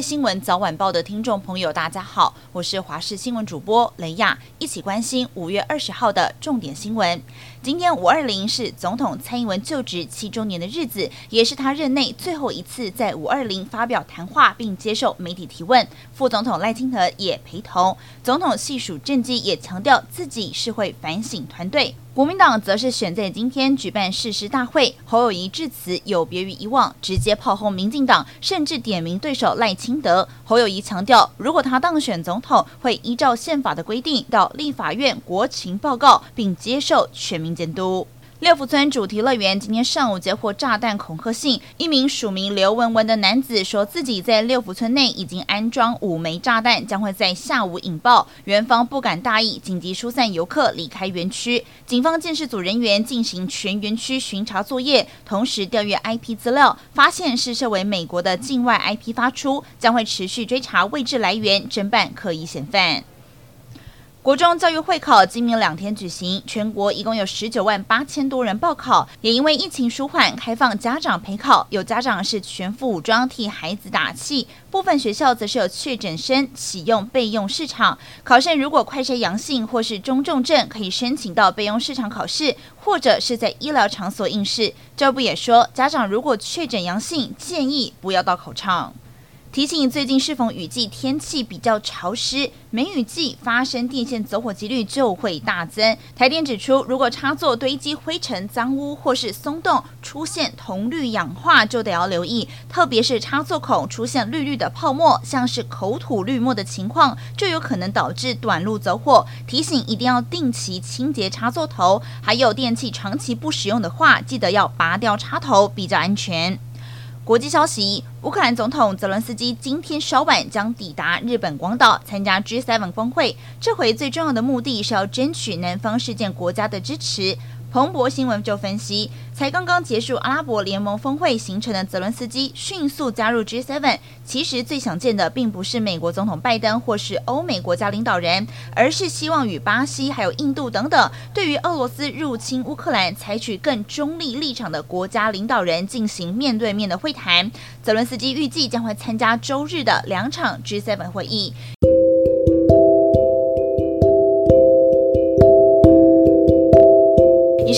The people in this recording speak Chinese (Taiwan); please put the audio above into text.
新聞早晚報的聽眾朋友，大家好，我是華視新聞主播雷亞，一起關心五月二十號的重點新聞。今天五二零是總統蔡英文就職七週年的日子，也是他任內最後一次在五二零發表談話，並接受媒體提問。副總統賴清德也陪同，總統細數政績，也強調自己是會反省團隊。國民黨則是選在今天舉辦誓師大會，侯友宜致辭有別於以往，直接炮轟民進黨，甚至點名對手賴清德。侯友宜強調，如果他當選總統，會依照憲法的規定到立法院國情報告，並接受全民監督。六福村主題樂園今天上午接獲炸彈恐嚇信，一名署名劉文文的男子說自己在六福村內已經安裝五枚炸彈，將會在下午引爆。園方不敢大意，緊急疏散遊客離開園區。警方鑑識組人員進行全園區巡查作業，同時調閱 IP 資料，發現是設為美國的境外 IP 發出，將會持續追查位置來源，偵辦可疑嫌犯。國中教育會考今明兩天舉行，全國一共有十九萬八千多人報考。也因為疫情舒緩，開放家長陪考，有家長是全副武裝替孩子打氣。部分學校則是有確診生啟用備用市場，考生如果快篩陽性或是中重症，可以申請到備用市場考試，或者是在醫療場所應試。教育部也說，家長如果確診陽性，建議不要到考場。提醒：最近是逢雨季，天氣比較潮濕，梅雨季發生電線走火幾率就會大增。台電指出，如果插座堆積灰塵、髒污或是鬆動，出現銅綠氧化，就得要留意。特別是插座孔出現綠綠的泡沫，像是口吐綠沫的情況，就有可能導致短路走火。提醒一定要定期清潔插座頭，還有電器長期不使用的話，記得要拔掉插頭，比較安全。國際消息：烏克蘭總統澤倫斯基今天稍晚將抵達日本廣島參加 G7 峰會。這回最重要的目的是要爭取南方世界國家的支持。彭博新聞就分析，才剛剛結束阿拉伯聯盟峰會行程的澤倫斯基，迅速加入 G7。其實最想見的並不是美國總統拜登或是歐美國家領導人，而是希望與巴西、還有印度等等，對於俄羅斯入侵烏克蘭採取更中立立場的國家領導人進行面對面的會談。澤倫斯基預計將會參加週日的兩場 G7 會議。